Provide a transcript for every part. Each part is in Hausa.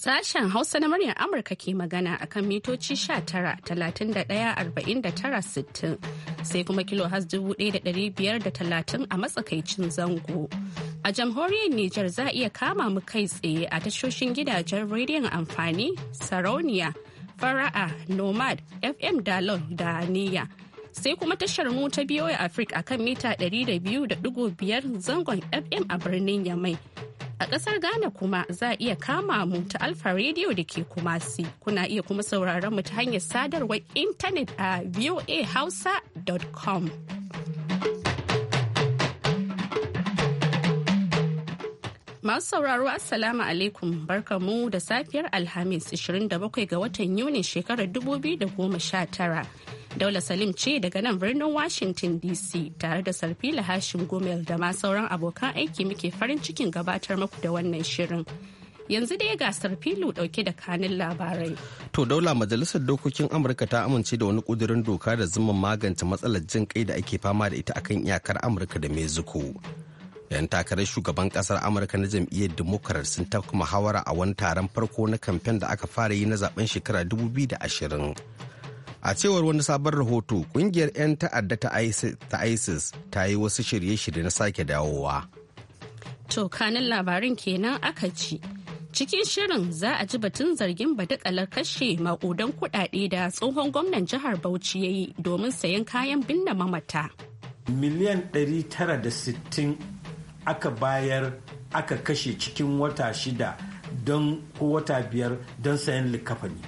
Sashen Hausa na muryar Amurka ke magana a kan mitoci 19 sittin sai kuma kilo has 1,530 a matsakaicin zango. A jamhuriyar Nijar za a iya kama mu kai tsaye a tashoshin gidajen rediyon amfani, sarauniya, fara'a, nomad, FM dalon da niyya. Sai kuma tashar mu ta biyoyi Afrika a kan mita 200.5 zangon FM a birnin Yamai. A ƙasar Ghana kuma za a iya kama mu ta Alfa Radio da ke Kumasi. Kuna iya kuma sauraron mu ta hanyar sadarwar intanet a voahausa.com. Masu sauraro Assalamu alaikum barkamu da safiyar Alhamis 27 ga watan Yuni shekarar 2019. Daula Salim ce daga nan birnin Washington DC tare da Sarfila Hashim Gomel da ma sauran abokan aiki muke farin cikin gabatar muku da wannan shirin. Yanzu dai ga sarfilu dauke da kanin labarai. To daula majalisar dokokin Amurka ta amince da wani kudurin doka da zuma magance matsalar jin kai da ake fama da ita akan iyakar Amurka da Mexico. yan takarar shugaban kasar amurka na jam'iyyar democrat sun takuma muhawara a wani taron farko na kamfen da aka fara yi na zaben shekara 2020 a cewar wani sabon rahoto kungiyar 'yan ta'adda ta isis ta yi wasu shirye-shirye na sake dawowa to kanin labarin kenan aka ci cikin shirin za a ji batun zargin badakalar kashe makudan kudade da tsohon gwamnan jihar bauchi ya yi domin sayan kayan binne mamata miliyan 960 aka bayar aka kashe cikin wata shida don ko wata biyar don sayan likafani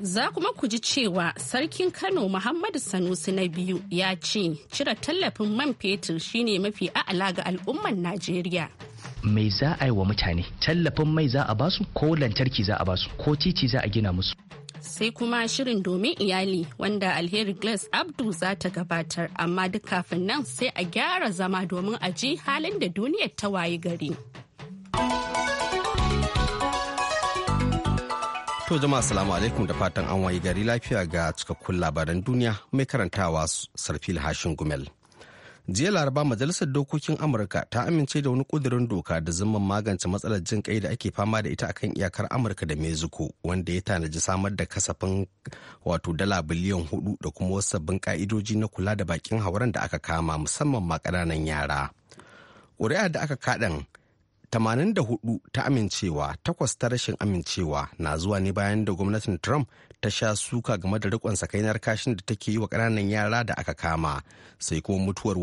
Za kuma ku ji cewa Sarkin Kano Muhammadu Sanusi na biyu ya ce cire tallafin man fetur shine mafi a'ala ga al'umman Najeriya. Mai za a yi wa mutane tallafin mai za a basu ko lantarki za a basu ko titi za a gina musu. Sai kuma shirin domin iyali wanda alheri Glass Abdu za ta gabatar amma duk kafin nan sai a gyara zama domin a ji halin da duniyar ta waye gari. To jama'a salamu alaikum da fatan an wayi gari lafiya ga cikakkun labaran duniya mai karantawa sarfil hashin gumel. Jiya laraba majalisar dokokin Amurka ta amince da wani kudirin doka da zumman magance matsalar jin kai da ake fama da ita akan iyakar Amurka da Mexico wanda ya tanaji samar da kasafin wato dala biliyan hudu da kuma wasu sabbin ka'idoji na kula da bakin hauren da aka kama musamman ma ƙananan yara. Ƙuri'a da aka kaɗan 84 ta amincewa takwas ta rashin amincewa na zuwa ne bayan da gwamnatin trump ta sha suka game da rikon sakainar kashin da take yi wa ƙananan yara da aka kama sai kuma mutuwar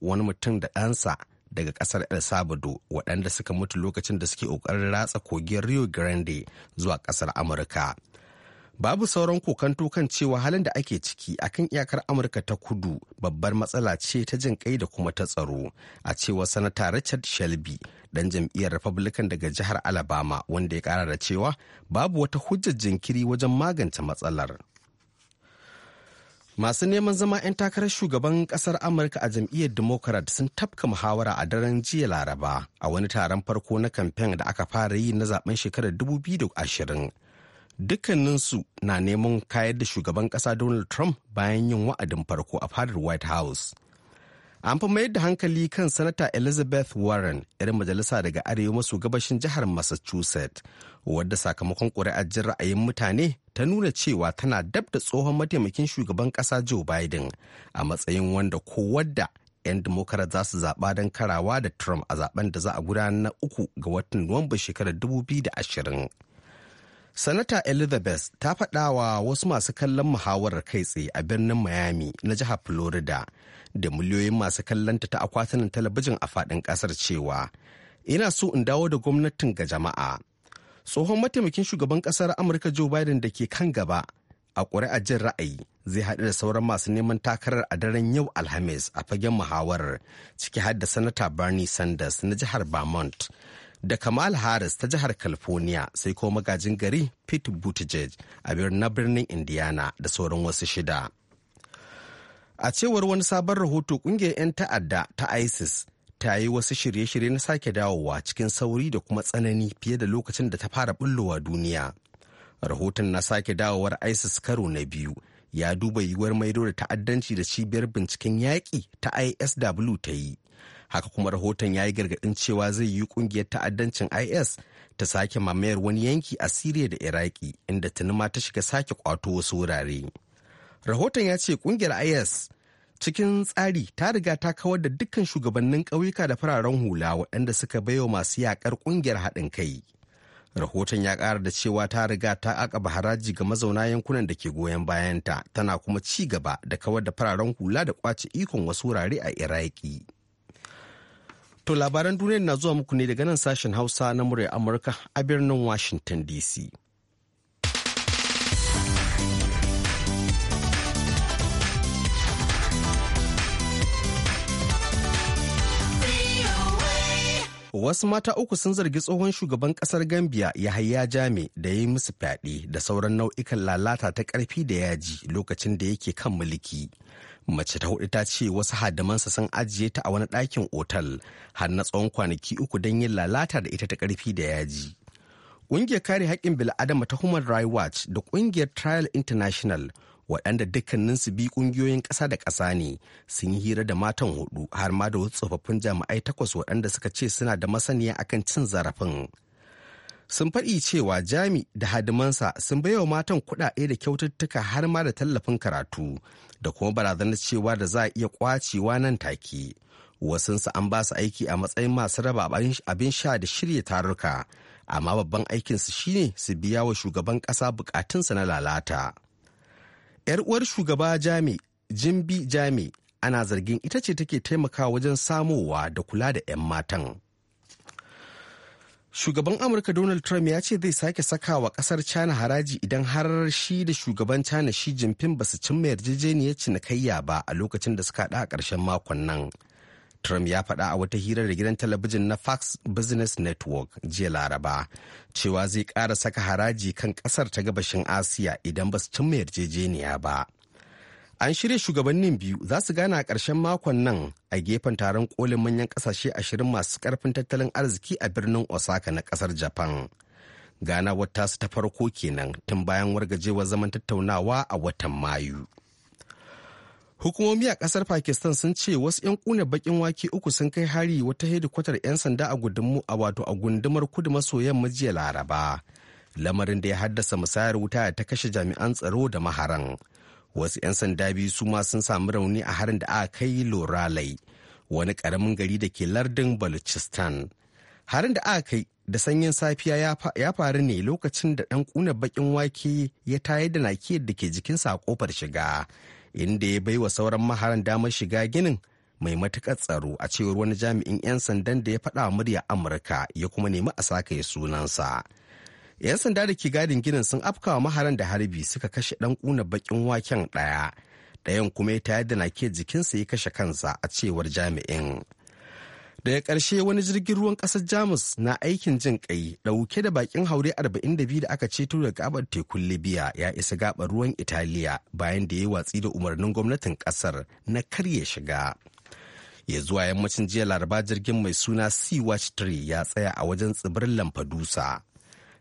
wani mutum da ɗansa daga ƙasar el Sabado waɗanda suka mutu lokacin da suke ƙoƙarin ratsa kogin rio grande zuwa ƙasar amurka babu sauran kokanto kan cewa halin da ake ciki akan iyakar amurka ta kudu babbar matsala ce ta jin kai da kuma ta tsaro a cewa sanata richard shelby dan jam'iyyar republican daga jihar alabama wanda ya kara da cewa babu wata hujjar jinkiri wajen magance matsalar Masu neman zama 'yan takarar shugaban kasar Amurka a jam'iyyar Democrat sun tafka muhawara a daren jiya Laraba a wani taron farko na kamfen da aka fara yi na zaben shekarar 2020 dukkaninsu na neman kayar da shugaban kasa donald trump bayan yin wa'adin farko a fadar white house an fi mayar da hankali kan sanata elizabeth warren 'yan majalisa daga arewa maso gabashin jihar massachusetts wadda sakamakon ƙuri'ar jin ra'ayin mutane ta nuna cewa tana dab da tsohon mataimakin shugaban ƙasa joe biden a matsayin wanda ko wadda 'yan democrat za su zaɓa don karawa da trump a zaben da za a gudanar na uku ga watan nuwamba shekarar 2020 Sanata Elizabeth ta faɗa wa wasu masu kallon muhawarar kai tsaye a birnin Miami na jihar Florida da miliyoyin masu kallonta ta akwatunan talabijin a faɗin ƙasar cewa ina so in dawo da gwamnatin ga jama'a. Tsohon mataimakin shugaban ƙasar Amurka Joe Biden da ke kan gaba a ƙuri'a jin ra'ayi zai haɗu da sauran masu neman takarar a daren yau alhamis a fagen muhawarar ciki har da sanata bernie sanders na jihar vermont da Kamal Harris ta jihar California sai kuma magajin gari Pete Buttigieg a na birnin Indiana da sauran wasu shida. A cewar wani sabon rahoto kungiyar 'yan ta'adda ta ISIS ta yi wasu shirye-shirye na sake dawowa cikin sauri da kuma tsanani fiye da lokacin da ta fara bullowa duniya. Rahoton na sake dawowar ISIS karo na biyu ya duba yiwuwar maido da ta'addanci da cibiyar binciken yaƙi ta ISW ta yi. haka kuma rahoton ya yi gargaɗin cewa zai yi kungiyar ta'addancin is ta sake mamayar wani yanki a siriya da iraki inda tuni ta shiga sake kwato wasu wurare rahoton ya ce kungiyar is cikin tsari ta riga ta kawar da dukkan shugabannin ƙauyuka da fararen hula waɗanda suka baiwa masu yaƙar ƙungiyar haɗin kai rahoton ya ƙara da cewa ta riga ta akaba haraji ga mazauna yankunan da ke goyon bayanta tana kuma ci gaba da kawar da fararen hula da ƙwace ikon wasu wurare a iraki To labaran duniya na zuwa muku ne daga nan sashen Hausa na murya Amurka a birnin Washington DC. wasu mata uku sun zargi tsohon shugaban kasar gambia ya yahaya jami da ya yi musu fyaɗe da sauran nau'ikan lalata ta ƙarfi da yaji lokacin da yake kan mulki mace ta hudu ta ce wasu hadamansa sun ajiye ta a wani ɗakin otal har na tsawon kwanaki uku don yin lalata da ita ta ƙarfi da yaji ƙungiyar kare haƙƙin bil'adama ta human rights watch da ƙungiyar trial international waɗanda dukkaninsu bi ƙungiyoyin ƙasa da ƙasa ne sun yi hira da matan hudu har ma da wasu tsofaffin jami'ai takwas waɗanda suka ce suna da masaniya akan cin zarafin sun faɗi cewa jami da hadimansa sun baiwa matan kuɗaɗe da kyaututtuka har ma da tallafin karatu da kuma barazanar cewa da za a iya kwacewa nan take wasunsu an ba su aiki a matsayin masu raba abin sha da shirya taruka amma babban aikinsu shine su biya wa shugaban ƙasa bukatunsa na lalata 'yar uwar shugaba jami jimbi jami ana zargin ita ce take taimakawa wajen samowa da kula da 'yan matan Shugaban Amurka Donald Trump ya ce zai sake saka wa kasar China haraji idan har shi da shugaban China Xi Jinping ba su cimma yarjejeniyar cinikayya ba a lokacin da suka haɗa a ƙarshen makon nan. Trump ya faɗa a wata hirar da gidan talabijin na Fox Business Network jiya Laraba cewa zai ƙara saka haraji kan ƙasar ta gabashin Asiya idan ba su cimma yarjejeniya ba. An shirya shugabannin biyu za su gana a ƙarshen makon nan a gefen taron kolin manyan ƙasashe ashirin masu ƙarfin tattalin arziki a birnin Osaka na ƙasar Japan. gana wata su ta farko kenan tun bayan wargajewar zaman tattaunawa a watan Mayu. Hukumomi a ƙasar Pakistan sun ce wasu 'yan kuna bakin wake uku sun kai hari wata hedikwatar 'yan sanda a gudunmu a wato a gundumar kudu maso yamma jiya Laraba. Lamarin da ya haddasa musayar wuta ta kashe jami'an tsaro da maharan. wasu 'yan sanda biyu su ma sun sami rauni a harin da aka kai loralai wani karamin gari da ke lardin balochistan harin da aka kai da sanyin safiya ya faru ne lokacin da ɗan ƙuna bakin wake ya tayar da nakiyar da ke jikinsa a kofar shiga inda ya baiwa sauran maharan damar shiga ginin mai matukar tsaro a cewar wani jami'in 'yan sandan da ya faɗa murya amurka ya kuma nemi a sakaye sunansa. 'Yan sanda da ke gadin ginin sun afkawa maharan da harbi suka kashe ɗan kuna bakin waken ɗaya. Ɗayan kuma ya tayar da nake jikinsa ya kashe kansa a cewar jami'in. Daga ƙarshe wani jirgin ruwan ƙasar Jamus na aikin jin kai ɗauke da bakin haure 42 da aka ceto da gabar tekun Libya ya isa gabar ruwan Italiya bayan da ya watsi da umarnin gwamnatin ƙasar na karya shiga. ya zuwa yammacin jiya laraba jirgin mai suna sea watch 3 ya tsaya a wajen tsibirin lamfadusa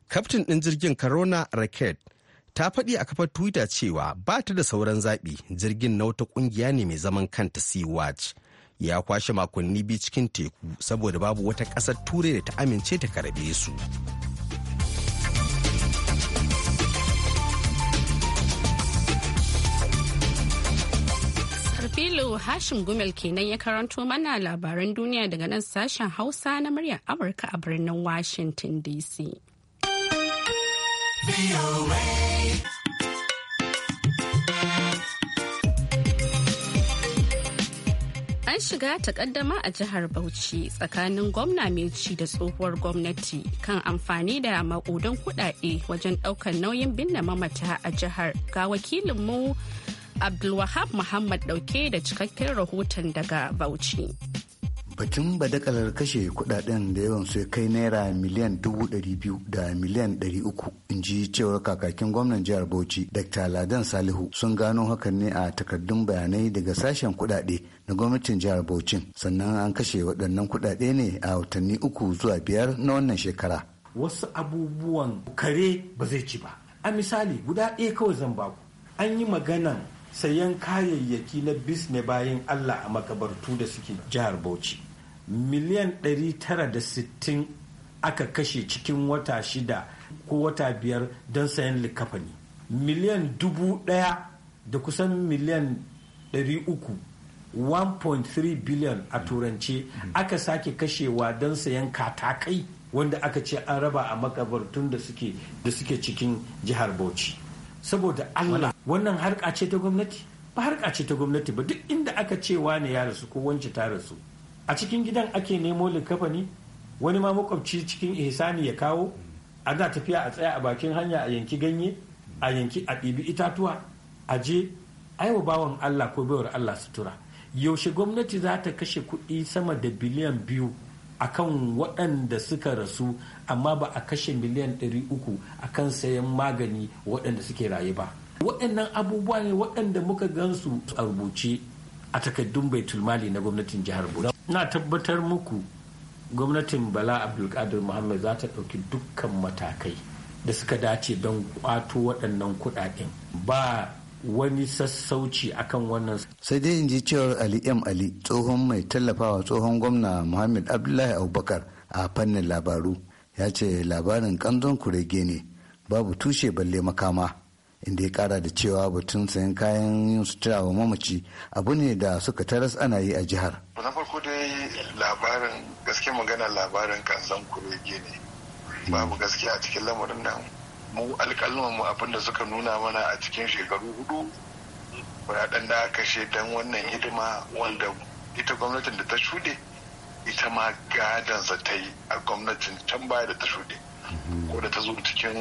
kaftin ɗin jirgin Corona raket ta faɗi a kafar Twitter cewa ba ta da sauran zaɓi jirgin na wata ƙungiya ne mai zaman kanta Sea Watch. Ya kwashe makonni biyu cikin teku saboda babu wata ƙasar turai da ta amince ta karbe su. Filo Hashim Gumel kenan ya karanto mana labaran duniya daga nan sashen Hausa na muryar Amurka a birnin Washington DC. An shiga takaddama a jihar Bauchi tsakanin gwamna mai ci da tsohuwar gwamnati kan amfani da makudan kuɗaɗe wajen daukan nauyin binne mamata a jihar ga wakilinmu Abdulwahab Muhammad dauke da cikakken rahoton daga Bauchi. batun badakalar kashe kudaden da yawan su kai naira miliyan dubu biyu da miliyan ɗari uku in ji cewar kakakin gwamnan jihar bauchi dr ladan salihu sun gano hakan ne a takardun bayanai daga sashen kudade na gwamnatin jihar bauchi sannan an kashe waɗannan kudade ne a watanni uku zuwa biyar na wannan shekara wasu abubuwan kare ba zai ci ba a misali guda ɗaya kawai zan baku an yi maganan sayan kayayyaki na bis ne bayan allah a makabartu da suke jihar bauchi miliyan 960 aka kashe cikin wata shida ko wata biyar don sayan likafani miliyan dubu daya da kusan miliyan 300 1.3 biliyan a turance aka sake kashewa don sayan katakai wanda aka ce an raba a makabartun da suke da suke cikin jihar bauchi saboda allah wannan harka ce ta gwamnati ba harka ce ta gwamnati ba duk inda aka cewa ne ya rasu ko wance ta rasu a cikin gidan ake nemo likafani wani ma makwabci cikin ihsani ya kawo a ana tafiya a tsaya a bakin hanya a yanki ganye a yanki a ɗibi itatuwa a je aiwa bawan Allah ko baiwar Allah sutura yaushe gwamnati za ta kashe kuɗi sama da biliyan biyu a kan waɗanda suka rasu amma ba a kashe miliyan ɗari uku a kan sayan magani waɗanda suke raye ba waɗannan abubuwa ne waɗanda muka gansu a rubuce a takaddun baitulmali na gwamnatin jihar bauchi na tabbatar muku gwamnatin bala abdulkadir muhammad za ta ɗauki dukkan matakai da suka dace don kwato waɗannan kuɗaɗen ba wani sassauci akan wannan sai dai in ji cewar ali m ali tsohon mai tallafawa tsohon gwamna muhammad abdullahi abubakar a fannin labaru ya ce labarin kanzon kurege ne babu tushe balle makama inda ya kara da cewa batun sayan kayan yin sutura wa mamaci abu ne da suka taras ana yi a jihar na farko labarin gaske magana labarin kanzan kurege ne babu gaske a cikin lamarin nan mu alƙalman mu abinda suka nuna mana a cikin shekaru hudu kudaden da kashe dan wannan hidima wanda ita gwamnatin da ta shuɗe ita ma gadansa ta yi a gwamnatin can baya da ta shuɗe ko da ta zo cikin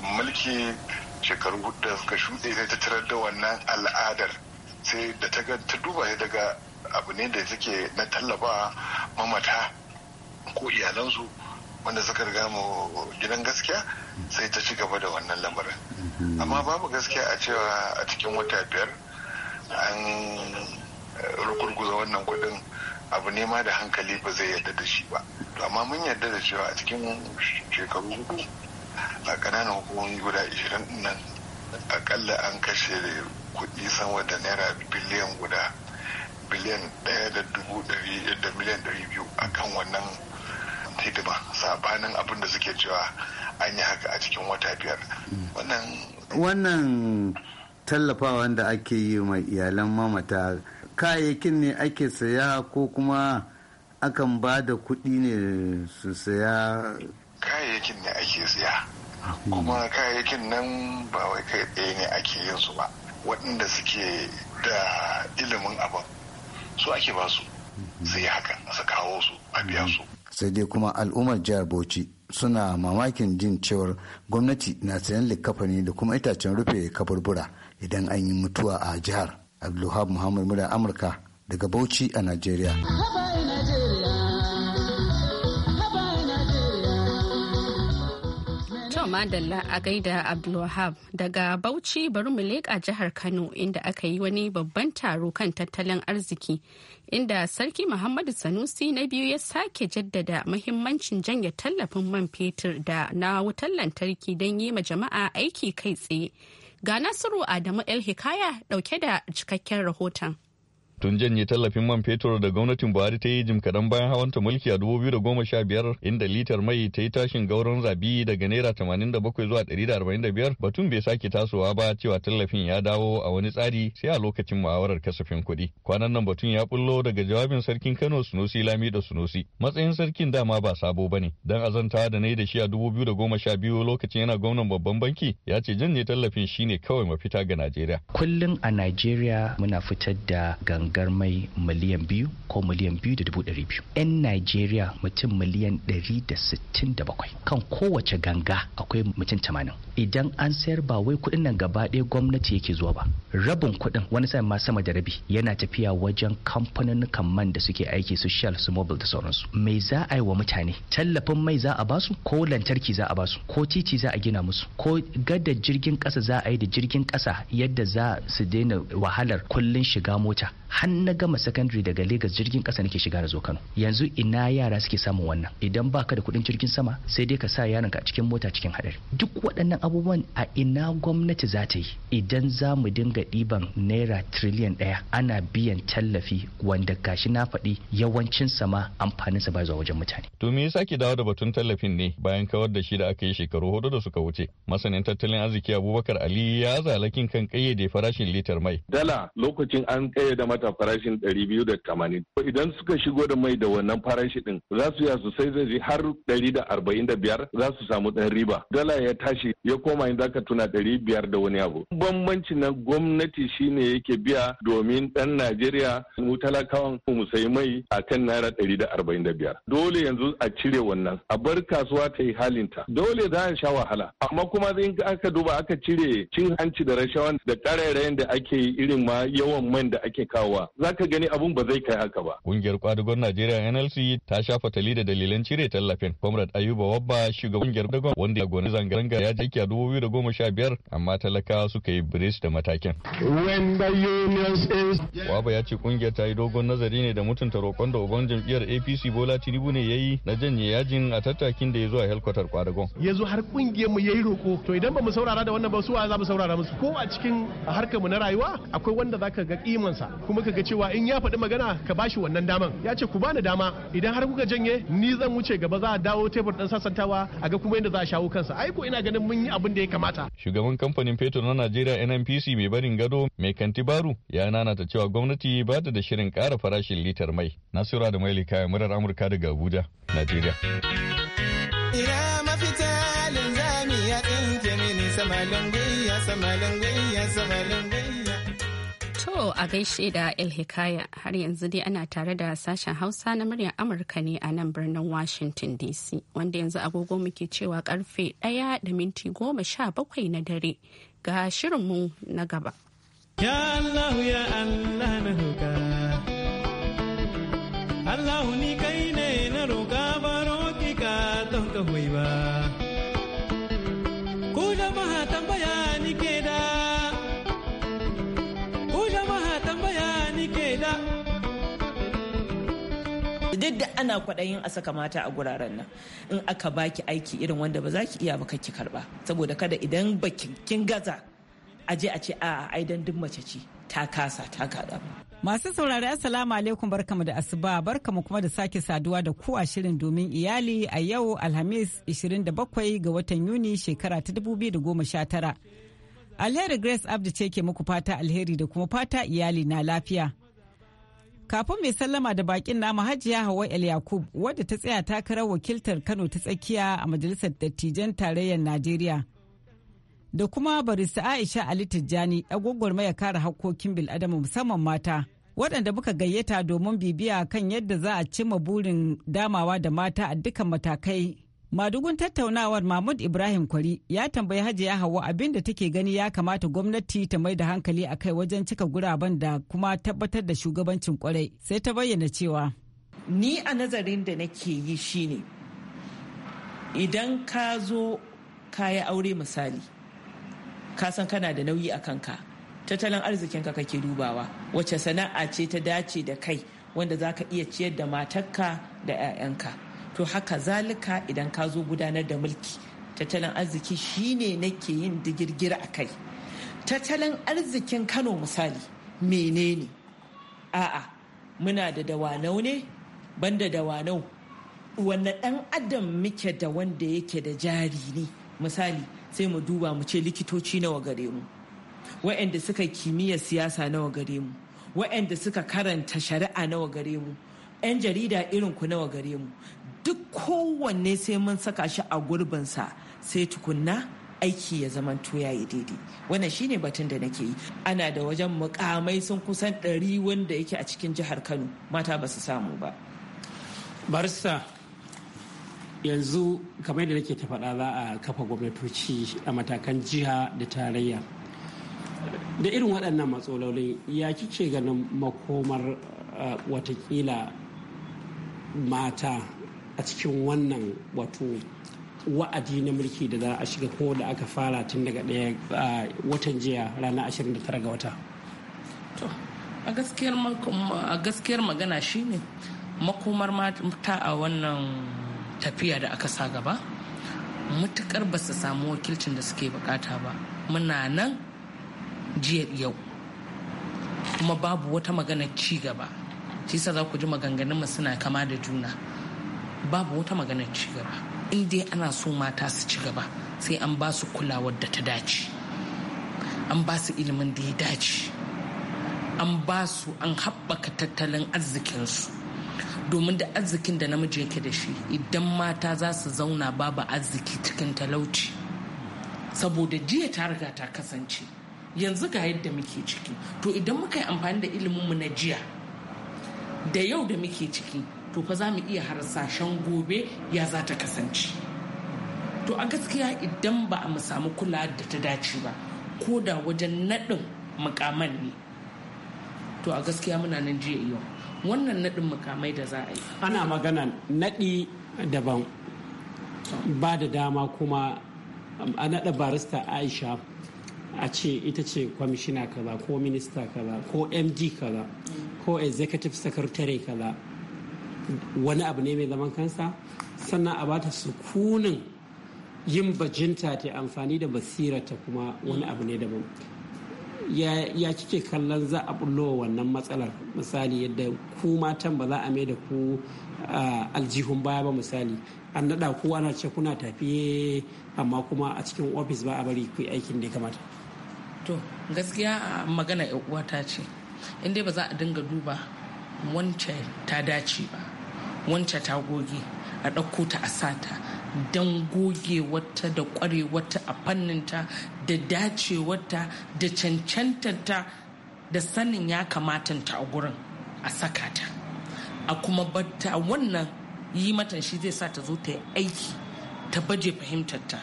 mulki shekaru hudu da suka shuɗe sai ta tarar da wannan al'adar sai da ta duba daga abu ne da suke na tallaba mamata ko iyalansu wanda suka riga mu gidan gaskiya sai ta ci gaba da wannan lamarin mhm. amma babu gaskiya a cewa a cikin wata biyar an rukurguza wannan kudin abu ne ma da hankali ba zai yarda da shi ba amma mun yarda da cewa a cikin shekaru hudu a ƙananan hukumomi guda ishirin nan akalla an kashe kuɗi sama da naira biliyan guda biliyan ɗaya da dubu ɗari da miliyan ɗari biyu a kan wannan hidima sabanin abin da suke cewa an yi haka a cikin wata biyar wannan wannan tallafawan da ake yi ma iyalan mamata kayayyakin ne ake saya ko kuma akan ba da kuɗi ne su saya kayayyakin ne ake saya ah, hmm. kuma kayayyakin nan ba wai kai ɗaya ne ake yin su ba waɗanda suke da ilimin abin su ake ba su sai yi haka su kawo su a biya su sai dai kuma al'ummar jihar bauchi suna mamakin jin cewar gwamnati na sayan likafani da kuma itacen rufe kaburbura idan an yi mutuwa a jihar abdulhab muhammad mura amurka daga bauchi a nigeria. madalla a gaida abdulwahab daga bauchi bari mu leƙa jihar kano inda aka yi wani babban taro kan tattalin arziki inda sarki muhammadu sanusi na biyu ya sake jaddada mahimmancin janye tallafin man fetur da na wutar lantarki don yi ma jama'a aiki kai tsaye ga nasiru adamu el hikaya dauke da cikakken rahoton tun janye tallafin man fetur da gwamnatin buhari ta yi jim kaɗan bayan hawanta mulki a 2015 inda litar mai ta yi tashin gauron zabi daga naira tamanin da 87 zuwa ɗari da arba'in 145 batun bai sake tasowa ba cewa tallafin ya dawo a wani tsari sai a lokacin mu'awarar kasafin kuɗi kwanan nan batun ya bullo daga jawabin sarkin kano sunusi lami da sunusi matsayin sarkin dama ba sabo bane dan azanta da na yi da shi a 2012 lokacin yana gwamnan babban banki ya ce janye tallafin shine kawai mafita ga najeriya kullum a najeriya muna fitar da ganga shigar mai miliyan biyu ko miliyan biyu da dubu ɗari biyu yan najeriya mutum miliyan ɗari da sittin da bakwai kan kowace ganga akwai mutum tamanin idan an sayar ba wai kuɗin nan gaba ɗaya gwamnati yake zuwa ba rabin kuɗin wani sa'in ma sama da rabi yana tafiya wajen kamfanin man da suke aiki su shell su mobile da sauransu me za a yi wa mutane tallafin mai za a basu ko lantarki za a basu ko titi za a gina musu ko gada jirgin ƙasa za a yi da jirgin ƙasa yadda za su daina wahalar kullun shiga mota har na gama secondary daga Lagos jirgin kasa nake shiga da zo Kano yanzu ina yara suke samun wannan idan baka da kuɗin jirgin sama sai dai ka sa yaron ka cikin mota cikin hadari duk waɗannan abubuwan a ina gwamnati za ta yi idan za mu dinga ɗiban naira trillion ɗaya ana biyan tallafi wanda gashi na faɗi yawancin sama amfanin sa ba zuwa wajen mutane to me yasa ke dawo da batun tallafin ne bayan kawar da shi da aka yi shekaru hudu da suka wuce masanin tattalin arziki Abubakar Ali ya zalakin kan kayyade farashin litar mai dala lokacin an kayyade mata mata farashin ɗari biyu da tamanin. Idan suka shigo da mai da wannan farashi ɗin za su yasu sai zai je har ɗari da arba'in da biyar za su samu ɗan riba. Dala ya tashi ya koma in zaka tuna ɗari biyar da wani abu. Bambanci na gwamnati shine yake biya domin ɗan Najeriya mu talakawan mu sayi mai a kan naira ɗari da arba'in da biyar. Dole yanzu a cire wannan a bar kasuwa ta yi halinta. Dole za a sha wahala amma kuma in aka duba aka cire cin hanci da rashawan da ƙararren da ake yi irin ma yawan man da ake kawo yawa ka gani abun ba zai kai haka ba kungiyar kwadugon Najeriya NLC ta shafatali tali da dalilan cire tallafin Comrade Ayuba Wabba shugaban kungiyar dagon wanda ya gona zanga-zanga ya jaiki a dubu biyu da goma sha biyar. amma talakawa suka yi brace da matakin Wabba ya ce kungiyar ta yi dogon nazari ne da mutunta roƙon da uban jam'iyyar APC Bola Tinubu ne yi na janye yajin a tattakin da ya zo a helkwatar kwadagon zo har kungiyar mu ya yi roƙo. to idan ba mu saurara da wannan ba su wa za mu saurara musu ko a cikin harkar mu na rayuwa akwai wanda za ka ga kimansa kuma kaga cewa in ya faɗi magana ka bashi wannan daman ya ce ku bani dama idan har kuka janye ni zan wuce gaba za a dawo tebur ɗan sassantawa a ga kuma yadda za a shawo kansa ai ko ina ganin mun yi abin da ya kamata shugaban kamfanin fetur na Najeriya NNPC mai barin gado mai kanti baru ya nanata cewa gwamnati ba ta da shirin kara farashin litar mai Nasura da Maili kayan murar Amurka daga Abuja Najeriya Ina mafita linzami ya ɗinke mini sama ya sama Yau a gaishe da El Hikaya har yanzu dai ana tare da sashen Hausa na muryar Amurka ne a nan birnin Washington DC wanda yanzu agogo muke cewa karfe ɗaya da minti goma sha bakwai na dare ga shirinmu na gaba. Ya Allah ya Allah na roƙa. Allah ni kai ne na roƙa baro ki ka don ka ba. ana kwaɗayin a saka mata a guraren nan in aka baki aiki irin wanda ba za ki iya ba ki karba saboda kada idan ba kin gaza a je a ce a aidan duk mace ce ta kasa ta kada Masu saurari Assalamu alaikum barkamu da asuba barkamu kuma da sake saduwa da ku a shirin domin iyali a yau Alhamis 27 ga watan Yuni shekara ta 2019. Alheri Grace Abdi ce ke muku fata alheri da kuma fata iyali na lafiya. Kafin mai sallama da bakin namu Hajiya Hawa El Yakub wadda ta tsaya takarar wakiltar Kano ta tsakiya a Majalisar Dattijan Tarayyar Najeriya. Da kuma barista Aisha Ali Tijjani ya kare hakkokin bil'adama musamman mata waɗanda muka gayyata domin bibiya kan yadda za a cimma burin damawa da mata a dukkan matakai madugun tattaunawar mahmud ibrahim kwari ya tambayi hajiya hawa abin da take gani ya kamata gwamnati ta mai da hankali a kai wajen cika guraben da kuma tabbatar da shugabancin kwarai sai ta bayyana cewa ni a nazarin da nake yi shine idan ka zo kayi aure misali ka san kana da nauyi a kanka tattalin arzikinka kake dubawa wacce sana'a ce ta dace da kai wanda za ka iya ciyar da matarka da 'ya'yanka to haka zalika idan ka zo gudanar da mulki tattalin arziki shine nake yin digirgir a kai tattalin arzikin kano misali menene a'a muna da dawanau ne banda dawanau wanne dan adam muke da wanda yake da jari ne misali sai mu duba mu ce likitoci nawa gare mu wa'anda suka kimiyyar siyasa nawa gare mu wa'anda suka karanta shari'a nawa gare mu 'yan jarida irin ku nawa gare mu duk kowanne sai mun saka shi a gurbinsa sai tukunna aiki ya zama tuya ya daidai wannan shine batun da nake yi ana da wajen mukamai sun kusan ɗari wanda yake a cikin jihar kano mata ba su samu ba barista yanzu kamar da nake ta faɗa za a kafa gwamnatoci a matakan jiha da tarayya da irin waɗannan matsaloli ya kike ganin makomar eh, watakila mata a cikin wannan wato wa'adi na mulki da za a shiga ko da aka fara tun daga ɗaya watan jiya ranar 29 ga wata a gaskiyar magana shine makomar mata a wannan tafiya da aka sa gaba mutukar ba su samu wakilcin da suke bukata ba muna nan jiya yau kuma babu wata magana ci gaba tisa za ku ji maganganunmu suna kama da juna babu wata maganar ci gaba in dai ana so mata su ci gaba sai an ba su kulawar da ta dace an ba su ilimin da ya dace an ba su an haɓaka tattalin arzikinsu domin da arzikin da namiji yake da shi idan mata za su zauna babu arziki cikin talauci saboda jiya ta riga ta kasance yanzu ga yadda muke ciki to idan muka yi amfani da iliminmu na jiya da yau da muke ciki to fa za mu iya harsashen gobe ya za ta kasance to a gaskiya idan ba a samu kula da ta dace ba ko da wajen naɗin mukaman ne to a gaskiya muna nan jiya yau wannan naɗin mukamai da za a yi ana magana naɗi daban ba da dama kuma a naɗa barista aisha a ce ita ce kwamishina kaza ko minista kaza ko md kaza ko executive secretary kaza wani abu ne mai zaman kansa sannan a bata sukunin yin bajinta ta amfani da ta kuma wani abu ne daban ya kike kallon za a bullo wannan matsalar misali yadda ku matan ba za a mai da ku aljihun baya ba misali an naɗa ku ana ce kuna tafiye amma kuma a cikin ofis ba a bari ku aikin da ya kamata to gaskiya magana uwata ce in dai ba za a dinga duba wancan ta dace ba wancan ta goge a ɗauko ta a sata don goge wata da ƙware wata a fanninta da dace da cancantata da sanin ya kamatanta a gurin a saka ta a kuma batta wannan yi mata shi zai sa ta zo ta yi aiki ta baje fahimtarta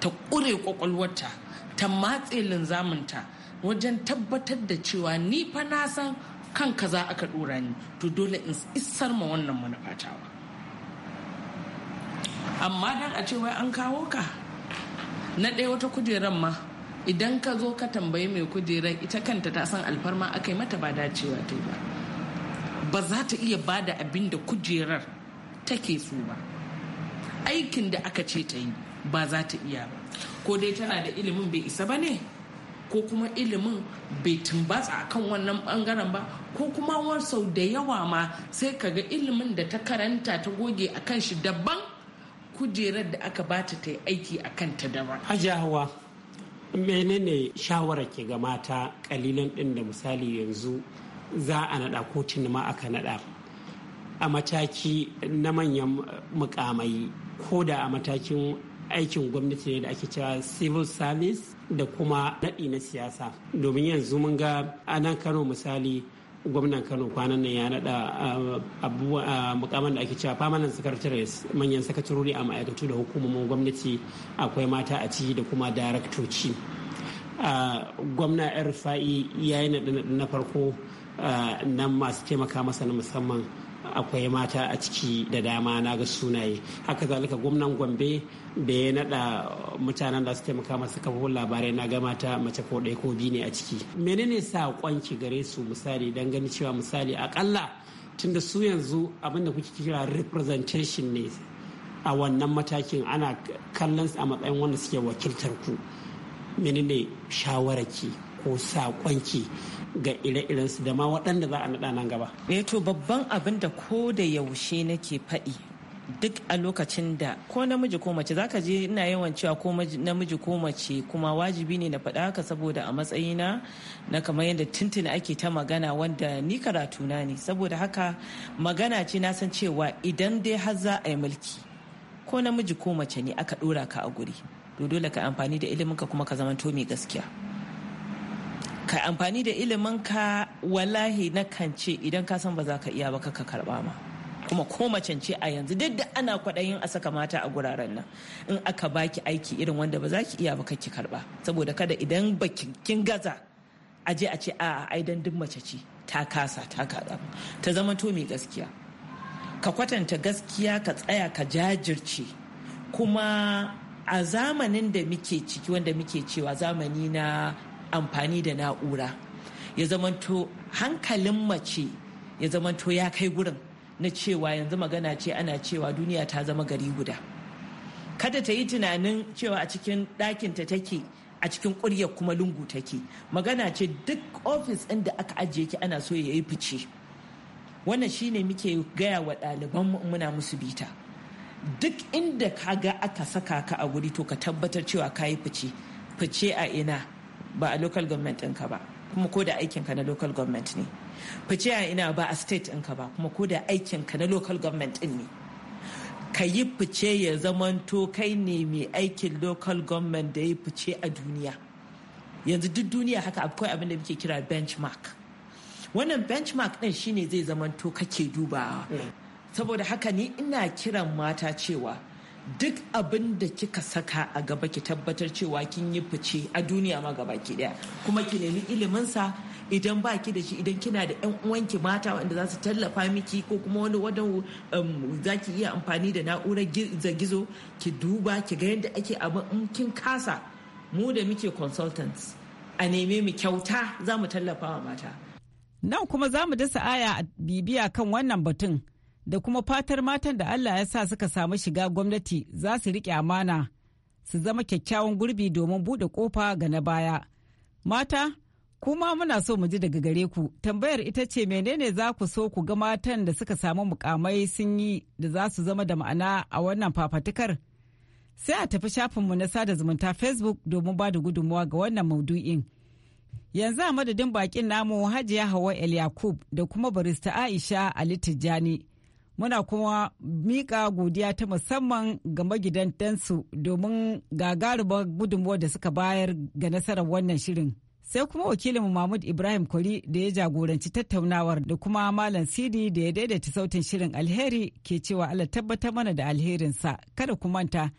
ta ƙure ƙwaƙwalwarta ta matse linzaminta wajen tabbatar da cewa ni fa na san kan kaza aka dora ni to dole in isar ma wannan manufatawa amma dan a ce wai an kawo ka na ɗaya wata kujerar ma idan ka zo ka tambayi mai kujerar ita kanta ta san alfarma aka yi mata ba dacewa ta ba ba za ta iya ba da abin da kujerar take so ba aikin da aka ce ta yi ba za ta iya ba ko dai tana da ilimin bai isa ba ne ko kuma ilimin bai tumbatsa akan wannan bangaren ba ko kuma sau da yawa ma sai ka ga ilimin da ta karanta ta goge akan shi daban kujerar da aka bata ta yi aiki a ta daban. hawa menene shawarar ke ga mata kalilan ɗin da misali yanzu za a naɗa ko ma aka naɗa a mataki na manyan mukamai ko da a matakin aikin gwamnati ne da ake cewa civil service da kuma naɗi na siyasa domin yanzu mun ga anan kano misali gwamnan kano kwanan nan ya naɗa ah, ah, mukamman da ake cewa permanent secretaries manyan sakatarori a ma'aikatu da hukumomin gwamnati akwai mata a ciki da kuma daraktoci ah, gwamna rufa'i ya yi naɗe na farko nan masu taimaka masa na musamman akwai mata a ciki da dama na ga sunaye haka zalika gwamnan gombe da ya naɗa mutanen da su taimaka masu kafofin labarai na ga mata mace ko ɗaya ko biyu ne a ciki menene saƙonki gare su misali dan gani cewa misali akalla tunda su yanzu abinda kuke kira representation ne a wannan matakin ana kallon su a matsayin wanda suke wakiltar ku menene shawararki ko saƙonki ga ire-iren su da ma waɗanda za a naɗa nan gaba. Eh to babban abin da ko da yaushe nake faɗi duk a lokacin da ko namiji ko mace zaka je ina yawan cewa ko namiji ko mace kuma wajibi ne na faɗa haka saboda a matsayina na kamar yadda tuntuni ake ta magana wanda ni karatuna ne saboda haka magana ce na san cewa idan dai har za a yi mulki ko namiji ko mace ne aka ɗora ka a guri to dole ka amfani da ilimin ka kuma ka zamanto mai gaskiya. ka amfani da ilimin ka wallahi na kance idan ka san ba za ka iya ba ka karba ma kuma ko mace ce a yanzu duk da ana kwaɗayin a saka mata a guraren nan in aka baki aiki irin wanda ba za ki iya ba ki karba saboda kada idan ba kin gaza a je a ce a dan duk mace ce ta kasa ta kaza ta zama to mai gaskiya ka kwatanta gaskiya ka tsaya ka jajirce kuma a zamanin da muke ciki wanda muke cewa zamani na amfani da na'ura ya zamanto hankalin mace ya zamanto ya kai gurin na cewa yanzu magana ce ana cewa duniya ta zama gari guda kada ta yi tunanin cewa a cikin ɗakinta take a cikin ƙuryar kuma lungu take magana ce duk ofis ɗin da aka ajiye ki ana so ya yi fice wannan shine muke gaya wa ɗaliban muna musu bita duk inda ka ga aka saka ka a guri to ka tabbatar cewa ka yi fice fice a ina ba a local government ɗinka ba kuma ko da aikinka na local government ne fice a ina ba a state ɗinka ba kuma ko da aikinka na local government ɗin ne ka yi fice ya zamanto kai ne mai aikin local government da ya fice a duniya yanzu duk duniya haka akwai abin da muke kira benchmark wannan benchmark ɗin shine zai zamanto kake dubawa mm. saboda haka ni ina kiran mata cewa duk abin da kika saka a gaba ki tabbatar cewa kin yi fice a duniya ma gaba ki daya kuma ki nemi iliminsa idan ba ki da shi idan kina da yan uwanki mata wanda za su tallafa miki ko kuma wani wadan um, za ki iya amfani da na'urar gizo ki duba ki ga yadda ake abin in kin kasa mu da muke consultants a neme mu kyauta za mu tallafa wa mata nan kuma za mu dasa aya bibiya kan wannan batun da kuma fatar matan da Allah ya sa suka samu shiga gwamnati za su riƙe amana su zama kyakkyawan gurbi domin buɗe ƙofa ga na baya. Mata, kuma muna so mu ji daga gare ku tambayar ita ce menene za ku so ku ga matan da suka samu mukamai sun yi da za su zama da ma'ana a wannan fafatukar. Sai a tafi shafinmu na sada zumunta Facebook domin ba da gudunmuwa ga wannan maudu'in. Yanzu a madadin bakin namu Hajiya Hawa El da kuma barista Aisha Ali Tijjani. muna kuma mika godiya ta musamman ga magidantansu domin gagarumar gudunmuwar da suka bayar ga nasarar wannan shirin sai kuma wakilinmu mahmud ibrahim Kori da ya jagoranci tattaunawar da kuma malam sidi da ya daidaita sautin shirin alheri ke cewa allah tabbatar mana da alherinsa kada ku manta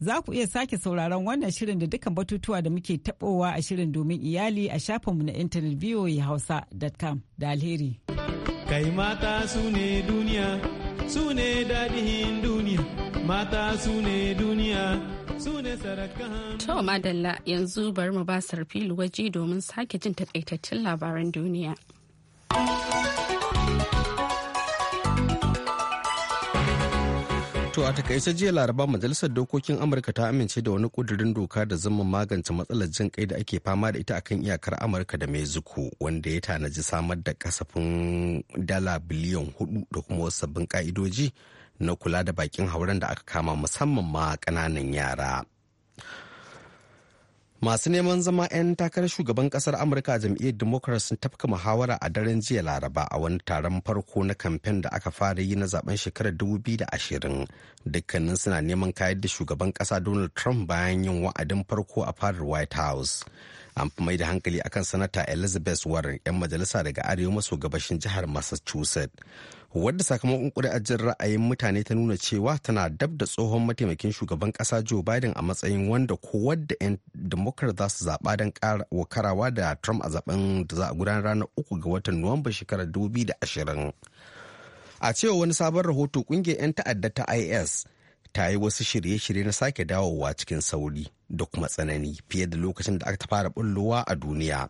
za ku iya sake sauraron wannan shirin da dukkan batutuwa da muke tabowa a shirin domin iyali a shafinmu na intanet voahausa.com da alheri. kai mata su ne duniya su ne daɗin duniya mata su ne duniya su ne sarakan to madalla yanzu bari mu ba fili waje domin sake jin takaitaccen labaran duniya To a takaice jiya laraba majalisar dokokin Amurka ta amince da wani kudirin doka da zama magance matsalar jin kai da ake fama da ita akan iyakar Amurka da Mexico wanda ya tanaji samar da kasafin dala biliyan hudu da kuma wasu sabbin ka'idoji na kula da bakin hauren da aka kama musamman ma kananan yara. masu neman zama 'yan takarar shugaban kasar amurka a jam'iyyar democrats sun tafka muhawara a daren jiya laraba a wani taron farko na kamfen da aka fara yi na zaben shekarar 2020 dukkanin suna neman kayar da shugaban kasa donald trump bayan yin wa'adin farko a fadar white house an fi mai da hankali akan sanata elizabeth warren 'yan majalisa daga arewa maso gabashin jihar massachusetts wadda sakamakon jin ra'ayin mutane ta nuna cewa tana dab da tsohon mataimakin shugaban ƙasa joe biden a matsayin wanda ko wadda 'yan democrat za su zaɓa don karawa da trump a zaben da za a gudanar ranar uku ga watan nuwamba shekarar 2020 a cewa wani sabon rahoto ƙungiyar 'yan ta'adda ta is ta yi wasu shirye-shirye na sake dawowa cikin sauri da kuma tsanani fiye da lokacin da aka fara bullowa a duniya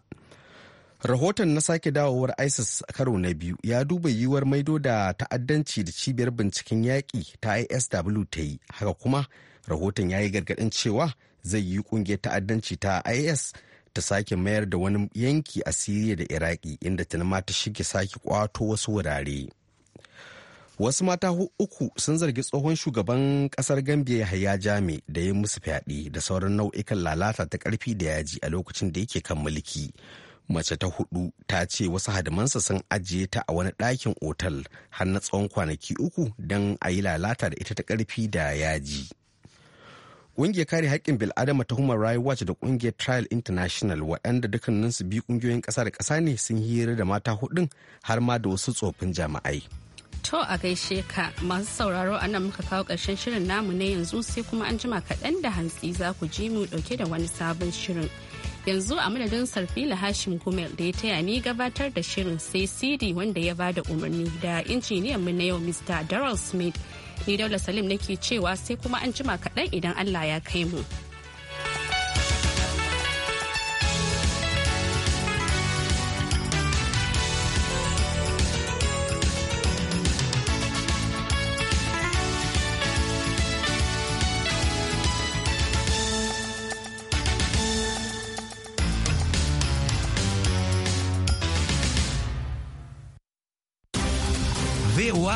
Rahoton na sake dawowar ISIS a karo na biyu ya duba yiwuwar maido da ta'addanci da cibiyar binciken yaƙi ta ISW ta yi. Haka kuma rahoton ya yi gargaɗin cewa zai yi ƙungiyar ta'addanci ta IS ta sake mayar da wani yanki a Siriya da Iraki inda ma ta shige sake kwato wasu wurare. Wasu mata uku sun zargi tsohon shugaban kasar Gambia Yahaya Jami da ya musu fyaɗe da sauran nau'ikan lalata ta ƙarfi da yaji a lokacin da yake kan mulki. mace ta hudu ta ce wasu hadimansa sun ajiye ta a wani ɗakin otal har na tsawon kwanaki uku don a yi lalata da ita ta karfi da yaji. Ƙungiyar kare haƙƙin bil'adama ta Human Rights Watch da ƙungiyar Trial International waɗanda dukkaninsu biyu ƙungiyoyin ƙasa da ƙasa ne sun hira da mata hudun har ma da wasu tsofin jama'ai. To a gaishe ka masu sauraro a nan muka kawo ƙarshen shirin namu ne yanzu sai kuma an jima kaɗan da hantsi za ku ji mu ɗauke da wani sabon shirin. yanzu a madadin sarfila hashim gumel da ya taya ni gabatar da shirin sai cd wanda ya bada umarni da injiniyan mu na yau mr daryl smith ni daula salim nake cewa sai kuma an jima kaɗan idan allah ya kai mu.